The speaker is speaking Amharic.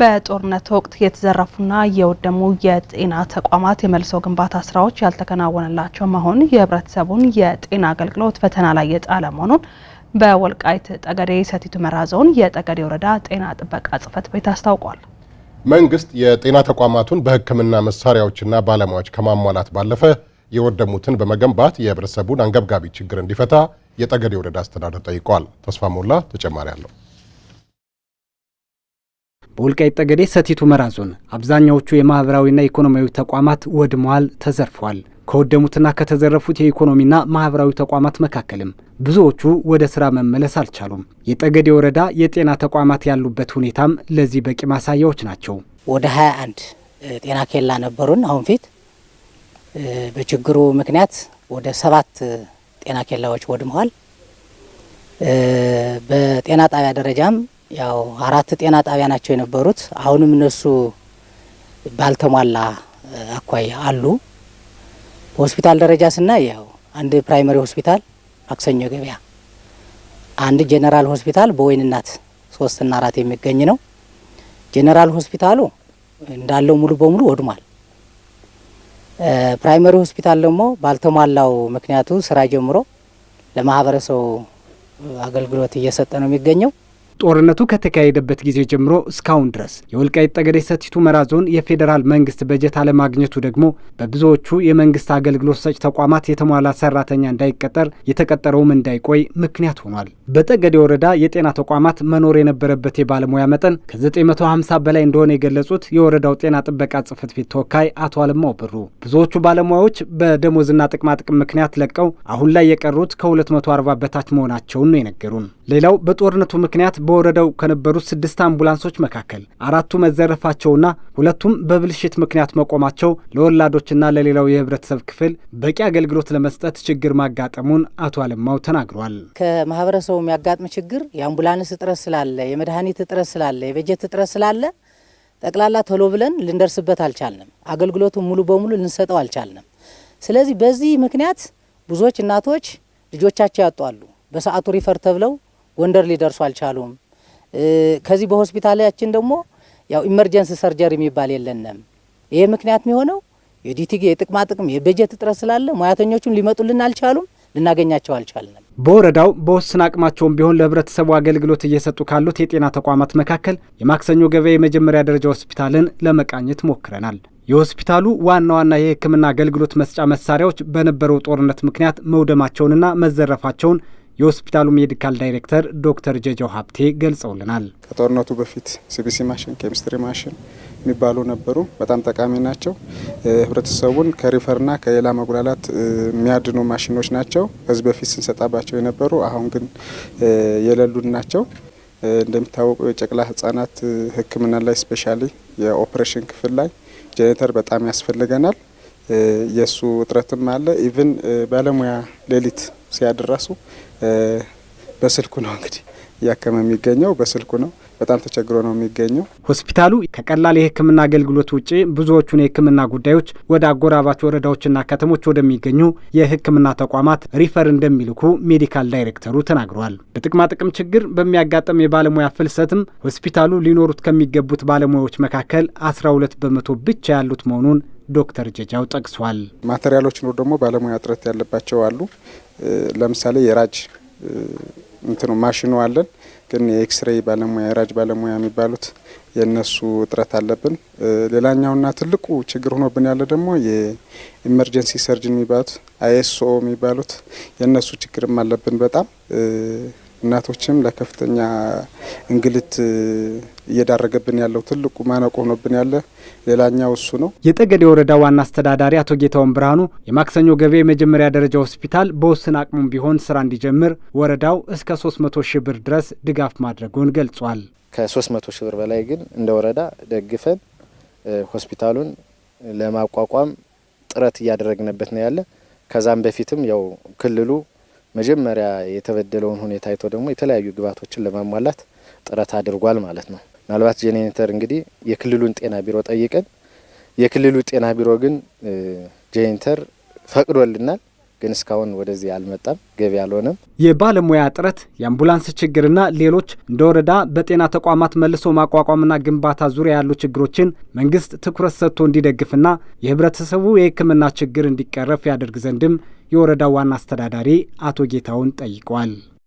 በጦርነት ወቅት የተዘረፉና የወደሙ የጤና ተቋማት የመልሶ ግንባታ ስራዎች ያልተከናወነላቸው መሆን የህብረተሰቡን የጤና አገልግሎት ፈተና ላይ የጣለ መሆኑን በወልቃይት ጠገዴ ሰቲት ሁመራ ዞን የጠገዴ ወረዳ ጤና ጥበቃ ጽህፈት ቤት አስታውቋል። መንግስት የጤና ተቋማቱን በህክምና መሳሪያዎችና ባለሙያዎች ከማሟላት ባለፈ የወደሙትን በመገንባት የህብረተሰቡን አንገብጋቢ ችግር እንዲፈታ የጠገዴ ወረዳ አስተዳደር ጠይቋል። ተስፋ ሞላ ተጨማሪ አለው። በወልቃይት ጠገዴ ሰቲት ሁመራ ዞን አብዛኛዎቹ የማኅበራዊና ኢኮኖሚያዊ ተቋማት ወድመዋል፣ ተዘርፈዋል። ከወደሙትና ከተዘረፉት የኢኮኖሚና ማኅበራዊ ተቋማት መካከልም ብዙዎቹ ወደ ሥራ መመለስ አልቻሉም። የጠገዴ ወረዳ የጤና ተቋማት ያሉበት ሁኔታም ለዚህ በቂ ማሳያዎች ናቸው። ወደ 21 ጤና ኬላ ነበሩን። አሁን ፊት በችግሩ ምክንያት ወደ ሰባት ጤና ኬላዎች ወድመዋል። በጤና ጣቢያ ደረጃም ያው አራት ጤና ጣቢያ ናቸው የነበሩት። አሁንም እነሱ ባልተሟላ አኳያ አሉ። በሆስፒታል ደረጃ ስናይ ያው አንድ ፕራይመሪ ሆስፒታል ማክሰኞ ገበያ፣ አንድ ጄኔራል ሆስፒታል በወይንናት ሶስትና አራት የሚገኝ ነው። ጄኔራል ሆስፒታሉ እንዳለው ሙሉ በሙሉ ወድሟል። ፕራይመሪ ሆስፒታል ደግሞ ባልተሟላው ምክንያቱ ስራ ጀምሮ ለማህበረሰቡ አገልግሎት እየሰጠ ነው የሚገኘው። ጦርነቱ ከተካሄደበት ጊዜ ጀምሮ እስካሁን ድረስ የወልቃይት ጠገዴ ሰቲት ሁመራ ዞን የፌዴራል መንግስት በጀት አለማግኘቱ ደግሞ በብዙዎቹ የመንግስት አገልግሎት ሰጭ ተቋማት የተሟላ ሰራተኛ እንዳይቀጠር የተቀጠረውም እንዳይቆይ ምክንያት ሆኗል። በጠገዴ ወረዳ የጤና ተቋማት መኖር የነበረበት የባለሙያ መጠን ከ950 በላይ እንደሆነ የገለጹት የወረዳው ጤና ጥበቃ ጽህፈት ቤት ተወካይ አቶ አለማው ብሩ ብዙዎቹ ባለሙያዎች በደሞዝና ጥቅማጥቅም ምክንያት ለቀው አሁን ላይ የቀሩት ከ240 በታች መሆናቸውን ነው የነገሩን። ሌላው በጦርነቱ ምክንያት በወረዳው ከነበሩት ስድስት አምቡላንሶች መካከል አራቱ መዘረፋቸውና ሁለቱም በብልሽት ምክንያት መቆማቸው ለወላዶችና ለሌላው የህብረተሰብ ክፍል በቂ አገልግሎት ለመስጠት ችግር ማጋጠሙን አቶ አለማው ተናግሯል። ከማህበረሰቡ የሚያጋጥም ችግር የአምቡላንስ እጥረት ስላለ፣ የመድኃኒት እጥረት ስላለ፣ የበጀት እጥረት ስላለ ጠቅላላ ቶሎ ብለን ልንደርስበት አልቻልንም። አገልግሎቱ ሙሉ በሙሉ ልንሰጠው አልቻልንም። ስለዚህ በዚህ ምክንያት ብዙዎች እናቶች ልጆቻቸው ያጧሉ። በሰዓቱ ሪፈር ተብለው ጎንደር ሊደርሱ አልቻሉም። ከዚህ በሆስፒታላችን ደግሞ ያው ኢመርጀንስ ሰርጀሪ የሚባል የለንም። ይሄ ምክንያት የሚሆነው የዲቲ የጥቅማ ጥቅም የበጀት እጥረት ስላለ ሙያተኞቹም ሊመጡልን አልቻሉም፣ ልናገኛቸው አልቻልንም። በወረዳው በውስን አቅማቸውም ቢሆን ለህብረተሰቡ አገልግሎት እየሰጡ ካሉት የጤና ተቋማት መካከል የማክሰኞ ገበያ የመጀመሪያ ደረጃ ሆስፒታልን ለመቃኘት ሞክረናል። የሆስፒታሉ ዋና ዋና የሕክምና አገልግሎት መስጫ መሳሪያዎች በነበረው ጦርነት ምክንያት መውደማቸውንና መዘረፋቸውን የሆስፒታሉ ሜዲካል ዳይሬክተር ዶክተር ጀጀው ሀብቴ ገልጸውልናል። ከጦርነቱ በፊት ሲቢሲ ማሽን፣ ኬሚስትሪ ማሽን የሚባሉ ነበሩ። በጣም ጠቃሚ ናቸው። ህብረተሰቡን ከሪፈርና ከሌላ መጉላላት የሚያድኑ ማሽኖች ናቸው። ከዚህ በፊት ስንሰጣባቸው የነበሩ አሁን ግን የሌሉን ናቸው። እንደሚታወቀው የጨቅላ ህጻናት ሕክምና ላይ ስፔሻሊ የኦፕሬሽን ክፍል ላይ ጄኔተር በጣም ያስፈልገናል። የእሱ እጥረትም አለ። ኢቭን ባለሙያ ሌሊት ሲያድራሱ በስልኩ ነው እንግዲህ እያከመ የሚገኘው በስልኩ ነው። በጣም ተቸግሮ ነው የሚገኘው። ሆስፒታሉ ከቀላል የሕክምና አገልግሎት ውጪ ብዙዎቹን የሕክምና ጉዳዮች ወደ አጎራባች ወረዳዎችና ከተሞች ወደሚገኙ የሕክምና ተቋማት ሪፈር እንደሚልኩ ሜዲካል ዳይሬክተሩ ተናግረዋል። ጥቅም ችግር በሚያጋጥም የባለሙያ ፍልሰትም ሆስፒታሉ ሊኖሩት ከሚገቡት ባለሙያዎች መካከል 12 በመቶ ብቻ ያሉት መሆኑን ዶክተር ጀጃው ጠቅሷል። ማቴሪያሎች ኖር ደግሞ ባለሙያ እጥረት ያለባቸው አሉ። ለምሳሌ የራጅ እንትኑ ማሽኑ አለን፣ ግን የኤክስሬይ ባለሙያ የራጅ ባለሙያ የሚባሉት የእነሱ እጥረት አለብን። ሌላኛውና ትልቁ ችግር ሆኖብን ያለ ደግሞ የኢመርጀንሲ ሰርጅን የሚባሉት አይኤስኦ የሚባሉት የእነሱ ችግርም አለብን በጣም እናቶችም ለከፍተኛ እንግልት እየዳረገብን ያለው ትልቁ ማነቆ ሆኖብን ያለ ሌላኛው እሱ ነው። የጠገዴ ወረዳ ዋና አስተዳዳሪ አቶ ጌታውን ብርሃኑ የማክሰኞ ገበያ የመጀመሪያ ደረጃ ሆስፒታል በውስን አቅሙም ቢሆን ስራ እንዲጀምር ወረዳው እስከ 300 ሺህ ብር ድረስ ድጋፍ ማድረጉን ገልጿል። ከ300 ሺህ ብር በላይ ግን እንደ ወረዳ ደግፈን ሆስፒታሉን ለማቋቋም ጥረት እያደረግንበት ነው ያለ ከዛም በፊትም ያው ክልሉ መጀመሪያ የተበደለውን ሁኔታ አይቶ ደግሞ የተለያዩ ግብዓቶችን ለማሟላት ጥረት አድርጓል ማለት ነው። ምናልባት ጄኔሬተር እንግዲህ የክልሉን ጤና ቢሮ ጠይቀን የክልሉ ጤና ቢሮ ግን ጄኔሬተር ፈቅዶልናል ግን እስካሁን ወደዚህ አልመጣም፣ ገቢ አልሆነም። የባለሙያ እጥረት፣ የአምቡላንስ ችግርና ሌሎች እንደ ወረዳ በጤና ተቋማት መልሶ ማቋቋምና ግንባታ ዙሪያ ያሉ ችግሮችን መንግስት ትኩረት ሰጥቶ እንዲደግፍና የህብረተሰቡ የህክምና ችግር እንዲቀረፍ ያደርግ ዘንድም የወረዳው ዋና አስተዳዳሪ አቶ ጌታውን ጠይቋል።